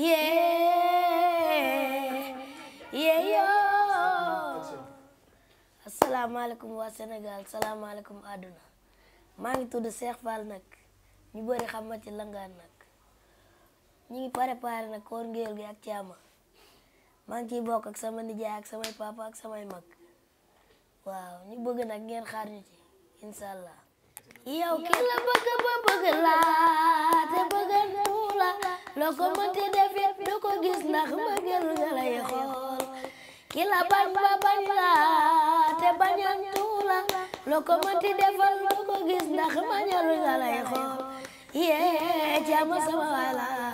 yeah yeah yo Assalamualaikum Aduna. Sénégal salaamaaleykum àdduna maa ngi Cheikh Fall nak. ñu bari xam ma ci langar nak. Ñi ngi préparé nak koor ngeel gi ak tiama. Mangi bok ak sama nijaay ak sama papa ak sama mak. waaw ñu bëgg nak ngeen xaar ñu ci Inshallah. yow ki la bëgg bëgg la. ko mënti defit du ko gis ndax mbëggeel nga lay xool ki la bañ ba bañ la te bañantu la loo ko mënti defal du ko gis ndax mañal nga lay xool yee jaamu sama wala